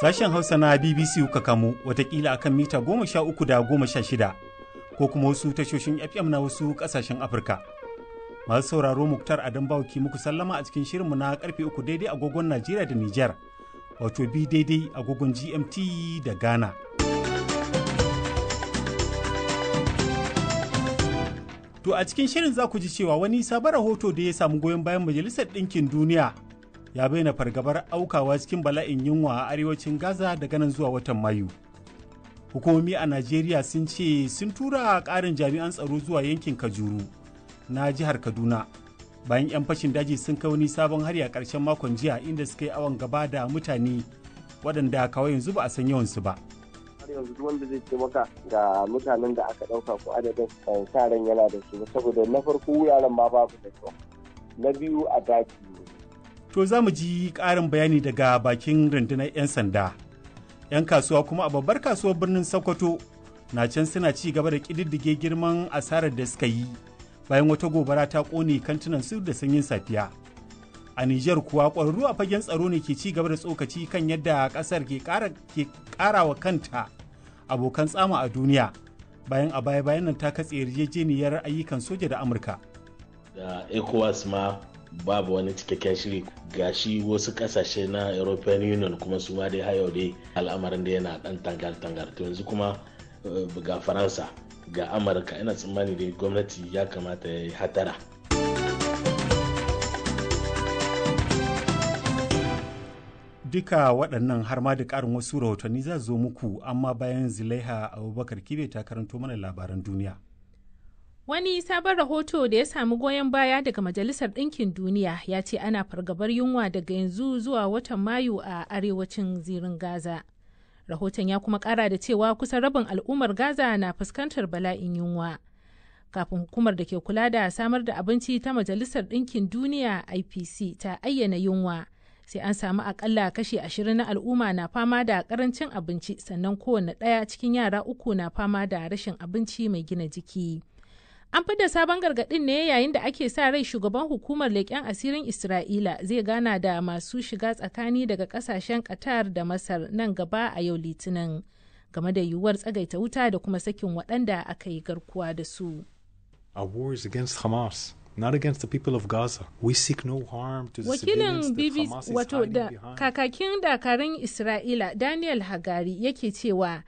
Sashen Hausa na BBC kuka kamo watakila akan mita goma sha uku da goma sha shida ko kuma wasu tashoshin FM na wasu ƙasashen Afirka. Masu sauraro Muktar Adam Bauki muku sallama a cikin shirinmu na karfe uku daidai agogon Najeriya da Nijar, wato bi daidai agogon GMT da Ghana. To a cikin shirin za ku ji cewa wani sabon rahoto da ya samu goyon bayan Majalisar Ɗinkin Duniya ya bayyana fargabar aukawa cikin bala'in yunwa a arewacin Gaza daga nan zuwa watan Mayu. Hukumomi a Najeriya sun ce sun tura karin jami'an tsaro zuwa yankin Kajuru na jihar Kaduna. Bayan 'yan fashin daji sun kai wani sabon hari a karshen makon jiya inda suka yi awon gaba da mutane waɗanda kawai yanzu ba a san yawansu ba. yanzu duk wanda zai taimaka ga mutanen da aka ɗauka ko adadin eh, sa ran yana da su saboda na farko wuraren ma babu da kyau na biyu a daki. To za mu ji ƙarin bayani daga bakin rundunar 'yan sanda. 'Yan kasuwa kuma a babbar kasuwar birnin Sokoto na can suna ci gaba da ƙididdige girman asarar da suka yi bayan wata gobara ta ƙone kantunan su da sanyin safiya. A Nijar kuwa ƙwararru a fagen tsaro ne ke ci gaba da tsokaci kan yadda ƙasar ke ƙara wa kanta abokan tsama a duniya bayan a baya bayan nan ta katse yarjejeniyar ayyukan soja da Amurka. Da ECOWAS ma babu wani cikakken shiri gashi wasu kasashe na european union kuma su ma dai hayo dai al'amarin da yana dan tangar-tangar to yanzu kuma eh, ga faransa ga amurka ina tsammani dai gwamnati ya kamata ya yi hatara duka waɗannan har ma da ƙarin wasu rahotanni za zo muku amma bayan zulaiha abubakar kibe ta karanto mana labaran duniya Wani sabon rahoto da ya samu goyon baya daga Majalisar Ɗinkin Duniya ya ce ana fargabar yunwa daga yanzu zuwa watan Mayu a arewacin zirin Gaza. Rahoton ya kuma ƙara da cewa kusan rabin al'ummar Gaza na fuskantar bala'in yunwa. Kafin hukumar da ke kula da samar da abinci ta Majalisar Ɗinkin Duniya IPC ta ayyana yunwa. Sai an samu akalla kashi ashirin na al'umma na fama da karancin abinci sannan kowane ɗaya cikin yara uku na fama da rashin abinci mai gina jiki. An fidda sabon gargaɗin ne yayin da ake sa rai shugaban hukumar leƙen asirin Isra'ila zai gana da masu shiga tsakani daga ƙasashen Qatar da Masar nan gaba a yau Litinin game da yiwuwar tsagaita wuta da kuma sakin waɗanda aka yi garkuwa da su. Hamas. not against the people of no harm Wakilin BBC wato da kakakin dakarun Isra'ila Daniel Hagari yake cewa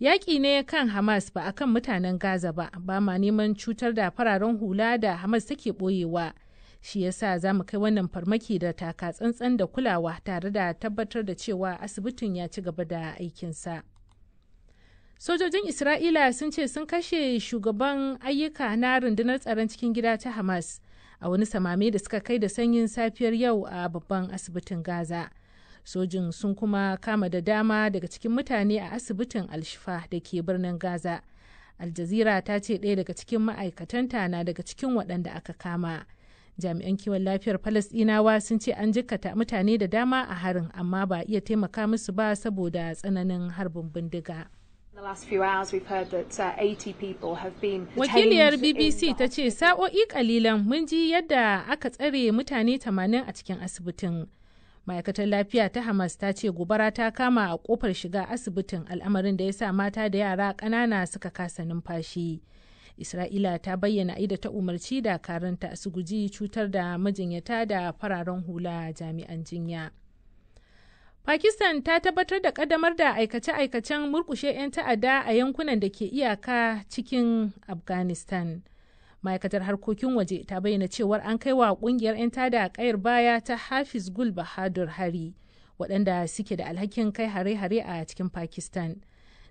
Yaƙi ne kan Hamas ba a kan mutanen Gaza ba, ba ma neman cutar da fararen hula da Hamas take ɓoyewa. Shi yasa za mu kai wannan farmaki da taka tsantsan da kulawa tare da tabbatar da cewa asibitin ya ci gaba da aikinsa. Sojojin Isra'ila sun ce sun kashe shugaban ayyuka na rundunar tsaron cikin gida ta Hamas a wani samame da suka kai da sanyin safiyar yau a babban asibitin Gaza. sojin sun kuma kama da dama daga cikin mutane a asibitin alshifa da ke birnin gaza aljazira ta ce ɗaya daga cikin ma'aikatanta na daga cikin waɗanda aka kama jami'an kiwon lafiyar falasɗinawa sun ce an jikkata mutane da dama a harin amma ba iya taimaka musu ba saboda tsananin harbin bindiga. Uh, Wakiliyar BBC ta ce sa'o'i kalilan mun ji yadda aka tsare mutane 80 a cikin asibitin. ma'aikatar lafiya ta hamas ta ce gobara ta kama a kofar shiga asibitin al'amarin da ya sa mata da yara ƙanana suka kasa numfashi isra'ila ta bayyana aida ta umarci karanta su guji cutar da majinyata da fararen hula jami'an jinya pakistan ta tabbatar da kaddamar da aikace-aikacen murkushe 'yan ta'adda a yankunan da ke iyaka cikin afghanistan ma'aikatar harkokin waje ta bayyana cewar an kai wa kungiyar 'yan tada a kayar baya ta hafiz gul bahadur hari waɗanda suke da alhakin kai hare-hare a cikin pakistan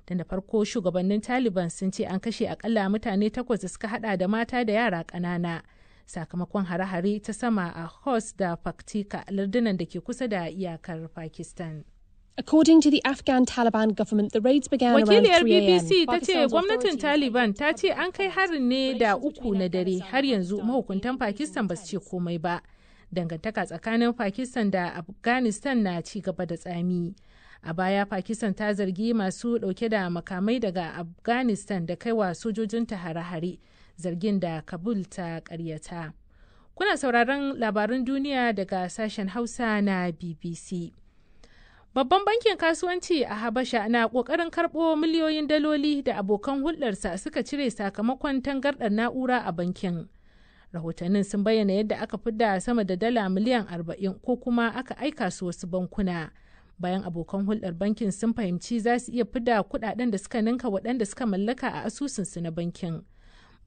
da na farko shugabannin taliban sun ce an kashe akalla mutane takwas da suka hada da mata da yara ƙanana sakamakon hare-hare ta sama a hos da faktika lardunan da ke kusa da iyakar pakistan According to the Afghan Taliban government, the raids began Wakiliyar BBC ta ce gwamnatin Taliban ta ce an kai harin ne da uku na dare har yanzu mahukuntan Pakistan ba su ce komai ba. Dangantaka tsakanin Pakistan da Afghanistan na ci gaba da tsami. A baya Pakistan ta zargi masu dauke da makamai daga Afghanistan da kaiwa sojojin ta hare-hare zargin da Kabul ta karyata. Kuna sauraron labaran duniya daga sashen Hausa na BBC. Babban bankin kasuwanci a Habasha na ƙoƙarin karɓo miliyoyin daloli da abokan hulɗarsa suka cire sakamakon tangarɗar na'ura a bankin. Rahotannin sun bayyana yadda aka fidda sama da dala miliyan arba'in ko kuma aka aika su wasu bankuna. Bayan abokan hulɗar bankin sun fahimci za su iya fidda kuɗaɗen da suka ninka waɗanda suka mallaka a asusun su na bankin.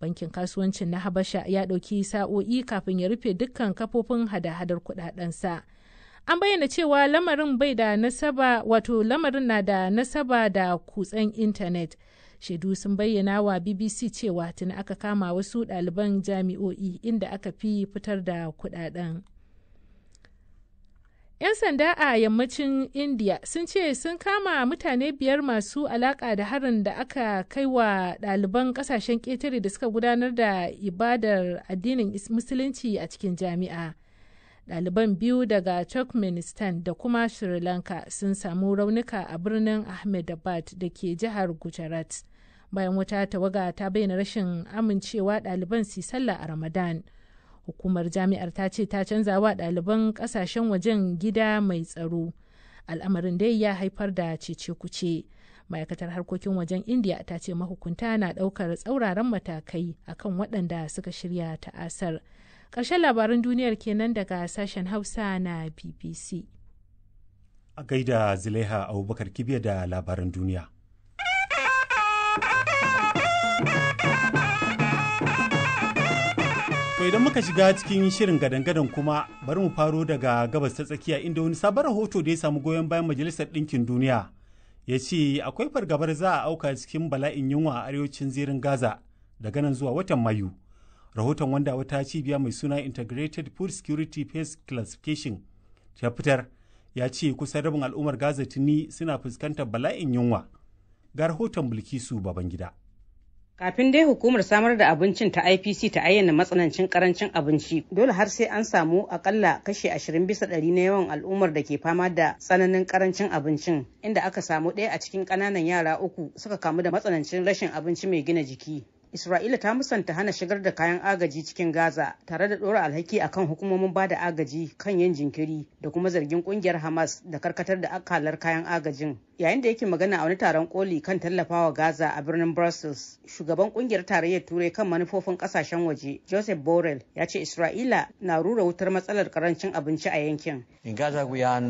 Bankin kasuwancin na Habasha ya ɗauki sa'o'i kafin ya rufe dukkan kafofin hada-hadar kuɗaɗensa. sa. an bayyana cewa lamarin bai da nasaba wato lamarin na da nasaba da kutsen intanet shaidu sun bayyana wa bbc cewa tuni aka kama wasu ɗaliban jami'o'i inda aka fi fitar da kudaden. 'yan sanda a yammacin india sun ce sun kama mutane biyar masu alaka da harin da aka kai wa ɗaliban ƙasashen ketare da suka gudanar da ibadar addinin musulunci a cikin jami'a ɗaliban biyu daga turkmenistan da kuma sri lanka sun samu raunuka a birnin ahmedabad da ke jihar gujarat bayan wata tawaga ta bayyana rashin amincewa ɗaliban su sallah a ramadan hukumar jami'ar ta ce ta canza wa ɗaliban ƙasashen wajen gida mai tsaro al'amarin dai ya haifar da cece-kuce ma'aikatar harkokin wajen India ta ce mahukunta na ɗaukar tsauraran matakai akan waɗanda suka shirya ta'asar ƙarshen labaran duniyar kenan daga sashen hausa na bbc a gaida zileha abubakar kibiya da labaran duniya To idan muka shiga cikin shirin gadan-gadan kuma bari mu faro daga gabas ta tsakiya inda wani sabon rahoto da ya samu goyon bayan Majalisar Ɗinkin Duniya ya ce akwai fargabar za a auka cikin bala'in yunwa a arewacin zirin Gaza daga nan zuwa watan Mayu. rahoton wanda wata cibiya mai suna integrated food security pace classification ta fitar ya ce kusan rabin al'ummar gaza tuni suna fuskantar bala'in yunwa ga rahoton bilkisu babangida kafin dai hukumar samar da abincin ta ipc ta ayyana matsanancin karancin abinci dole har sai an samu akalla kashe 20 bisa ɗari na yawan al'ummar da ke fama da tsananin karancin abincin inda aka samu ɗaya a cikin ƙananan yara uku suka kamu da matsanancin rashin abinci mai gina jiki Isra'ila ta musanta hana shigar da kayan agaji cikin Gaza tare da ɗora alhaki akan hukumomin ba da agaji kan yin jinkiri da kuma zargin kungiyar Hamas da karkatar da akalar kayan agajin. Yayin da yake magana a wani taron koli kan tallafawa Gaza a birnin Brussels, shugaban kungiyar tarayyar Turai kan manufofin kasashen waje, Joseph Borrell, ya ce Isra'ila na rura wutar matsalar karancin abinci a yankin. In Gaza we are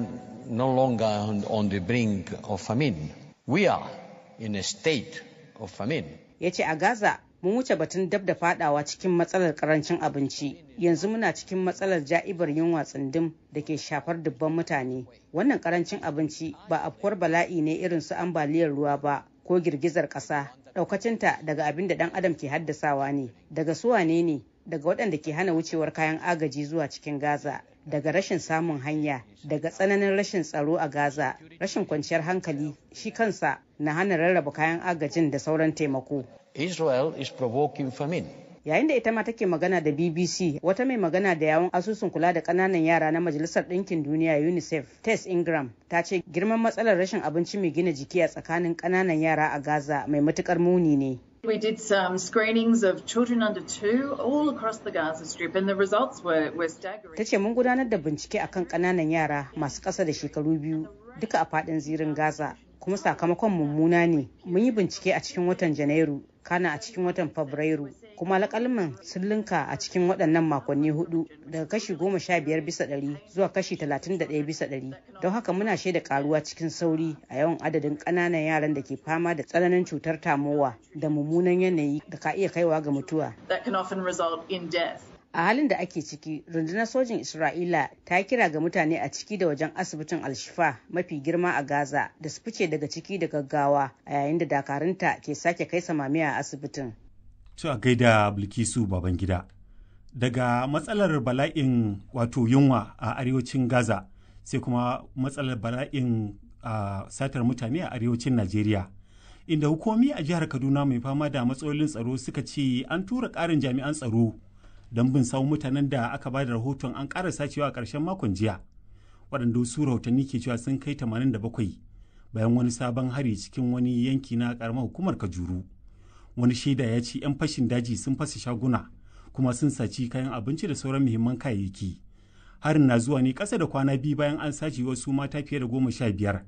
no longer on, the brink of famine. We are in a state of famine. Ya ce a Gaza mun wuce batun dab da fadawa cikin matsalar karancin abinci yanzu muna cikin matsalar ja'ibar yunwa tsindin da ke shafar dubban mutane wannan karancin abinci ba afkuwar bala'i ne irin su ambaliyar ruwa ba ko girgizar ƙasa ɗaukacinta daga abin da ɗan adam ke haddasawa ne daga su wane ne daga waɗanda ke hana wucewar kayan agaji zuwa cikin gaza daga rashin samun hanya daga tsananin rashin tsaro a gaza rashin kwanciyar hankali shi kansa na hana rarraba kayan agajin da sauran taimako Israel is provoking famine. yayin da ita ma take magana da bbc wata mai magana da yawon asusun kula da kananan yara na majalisar ɗinkin duniya unicef tess ingram ta ce girman matsalar rashin abinci mai gina jiki a tsakanin kananan yara a gaza mai matukar muni ne We did some screenings of children under two all across the Gaza Strip and the results were, were staggering. Ta ce mun gudanar da bincike akan kananan yara masu ƙasa da shekaru biyu duka a faɗin zirin Gaza kuma sakamakon mummuna ne mun yi bincike a cikin watan janairu kana a cikin watan fabrairu kuma alƙalmin sun linka a cikin waɗannan makonni hudu daga kashi goma sha biyar bisa ɗari zuwa kashi talatin da ɗaya bisa ɗari don haka muna shaida karuwa cikin sauri a yawan adadin ƙananan yaran da ke fama da tsananin cutar tamowa da mummunan yanayi da ka iya kaiwa ga mutuwa a halin da ake ciki rundunar sojin isra'ila ta kira ga mutane a ciki da wajen asibitin alshifa mafi girma a gaza da su fice daga ciki da gaggawa a yayin da dakarunta ke sake kai samamiya a asibitin to a gaida bilkisu babangida daga matsalar bala'in wato yunwa a arewacin gaza sai kuma matsalar bala'in a satar mutane a arewacin najeriya inda hukumi a jihar kaduna mai fama da matsalolin tsaro suka ce an tura ƙarin jami'an tsaro don bin sawun mutanen da aka ba da rahoton an ƙara sacewa a ƙarshen makon jiya waɗanda su rahotanni ke cewa sun kai tamanin da bakwai. bayan wani sabon hari cikin wani yanki na ƙaramar hukumar kajuru wani shaida ya ce 'yan fashin daji sun fasa shaguna kuma sun saci kayan abinci da sauran muhimman kayayyaki harin na zuwa ne ƙasa da kwana biyu bayan an sace wasu mata fiye da goma sha biyar